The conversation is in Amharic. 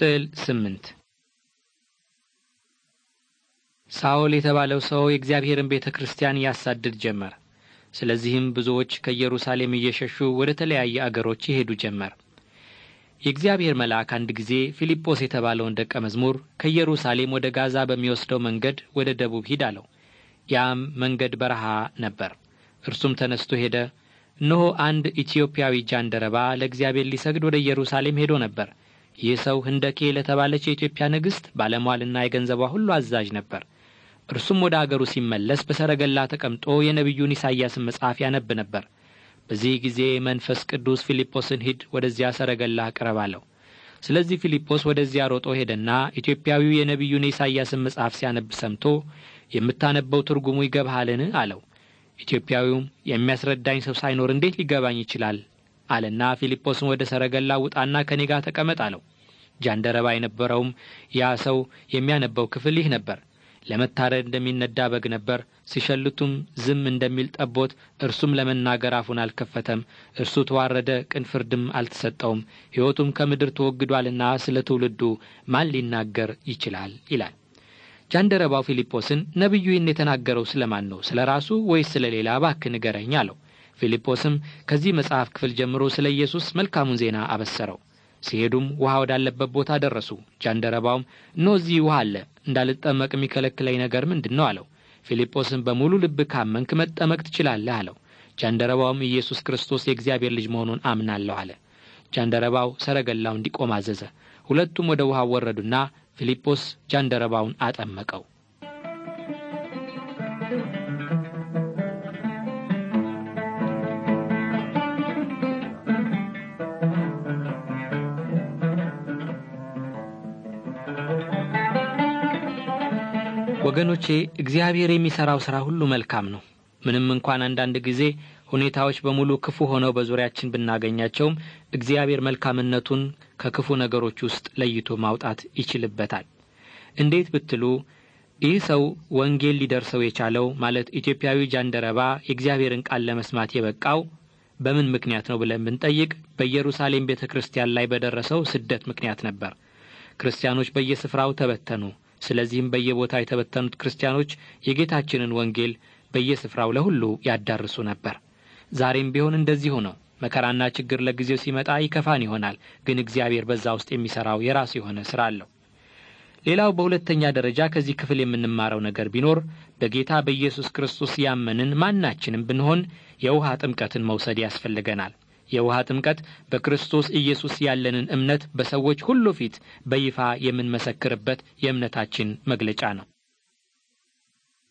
ስዕል ስምንት ሳኦል የተባለው ሰው የእግዚአብሔርን ቤተ ክርስቲያን ያሳድድ ጀመር። ስለዚህም ብዙዎች ከኢየሩሳሌም እየሸሹ ወደ ተለያየ አገሮች ይሄዱ ጀመር። የእግዚአብሔር መልአክ አንድ ጊዜ ፊልጶስ የተባለውን ደቀ መዝሙር ከኢየሩሳሌም ወደ ጋዛ በሚወስደው መንገድ ወደ ደቡብ ሂድ አለው። ያም መንገድ በረሃ ነበር። እርሱም ተነስቶ ሄደ። እነሆ አንድ ኢትዮጵያዊ ጃንደረባ ለእግዚአብሔር ሊሰግድ ወደ ኢየሩሳሌም ሄዶ ነበር። ይህ ሰው ህንደኬ ለተባለች የኢትዮጵያ ንግሥት ባለሟልና የገንዘቧ ሁሉ አዛዥ ነበር። እርሱም ወደ አገሩ ሲመለስ በሰረገላ ተቀምጦ የነቢዩን ኢሳይያስን መጽሐፍ ያነብ ነበር። በዚህ ጊዜ መንፈስ ቅዱስ ፊልጶስን ሂድ፣ ወደዚያ ሰረገላ ቅረብ አለው። ስለዚህ ፊልጶስ ወደዚያ ሮጦ ሄደና ኢትዮጵያዊው የነቢዩን የኢሳይያስን መጽሐፍ ሲያነብ ሰምቶ የምታነበው ትርጉሙ ይገባሃልን? አለው። ኢትዮጵያዊውም የሚያስረዳኝ ሰው ሳይኖር እንዴት ሊገባኝ ይችላል? አለና ፊልጶስን ወደ ሰረገላ ውጣና ከኔ ጋር ተቀመጥ አለው። ጃንደረባ የነበረውም ያ ሰው የሚያነበው ክፍል ይህ ነበር። ለመታረድ እንደሚነዳ በግ ነበር። ሲሸልቱም ዝም እንደሚል ጠቦት፣ እርሱም ለመናገር አፉን አልከፈተም። እርሱ ተዋረደ፣ ቅን ፍርድም አልተሰጠውም። ሕይወቱም ከምድር ተወግዷልና ስለ ትውልዱ ማን ሊናገር ይችላል? ይላል። ጃንደረባው ፊልጶስን ነቢዩ ይህን የተናገረው ስለማን ነው? ስለ ራሱ ወይስ ስለ ሌላ? እባክህ ንገረኝ አለው። ፊልጶስም ከዚህ መጽሐፍ ክፍል ጀምሮ ስለ ኢየሱስ መልካሙን ዜና አበሰረው። ሲሄዱም ውሃ ወዳለበት ቦታ ደረሱ። ጃንደረባውም እነሆ እዚህ ውሃ አለ፣ እንዳልጠመቅ የሚከለክለኝ ነገር ምንድን ነው አለው። ፊልጶስም በሙሉ ልብ ካመንክ መጠመቅ ትችላለህ አለው። ጃንደረባውም ኢየሱስ ክርስቶስ የእግዚአብሔር ልጅ መሆኑን አምናለሁ አለ። ጃንደረባው ሰረገላው እንዲቆም አዘዘ። ሁለቱም ወደ ውሃ ወረዱና ፊልጶስ ጃንደረባውን አጠመቀው። ወገኖቼ እግዚአብሔር የሚሠራው ሥራ ሁሉ መልካም ነው። ምንም እንኳን አንዳንድ ጊዜ ሁኔታዎች በሙሉ ክፉ ሆነው በዙሪያችን ብናገኛቸውም እግዚአብሔር መልካምነቱን ከክፉ ነገሮች ውስጥ ለይቶ ማውጣት ይችልበታል። እንዴት ብትሉ ይህ ሰው ወንጌል ሊደርሰው የቻለው ማለት ኢትዮጵያዊ ጃንደረባ የእግዚአብሔርን ቃል ለመስማት የበቃው በምን ምክንያት ነው ብለን ብንጠይቅ በኢየሩሳሌም ቤተ ክርስቲያን ላይ በደረሰው ስደት ምክንያት ነበር። ክርስቲያኖች በየስፍራው ተበተኑ። ስለዚህም በየቦታው የተበተኑት ክርስቲያኖች የጌታችንን ወንጌል በየስፍራው ለሁሉ ያዳርሱ ነበር። ዛሬም ቢሆን እንደዚሁ ነው። መከራና ችግር ለጊዜው ሲመጣ ይከፋን ይሆናል፣ ግን እግዚአብሔር በዛ ውስጥ የሚሠራው የራሱ የሆነ ሥራ አለው። ሌላው በሁለተኛ ደረጃ ከዚህ ክፍል የምንማረው ነገር ቢኖር በጌታ በኢየሱስ ክርስቶስ ያመንን ማናችንም ብንሆን የውሃ ጥምቀትን መውሰድ ያስፈልገናል። የውሃ ጥምቀት በክርስቶስ ኢየሱስ ያለንን እምነት በሰዎች ሁሉ ፊት በይፋ የምንመሰክርበት የእምነታችን መግለጫ ነው።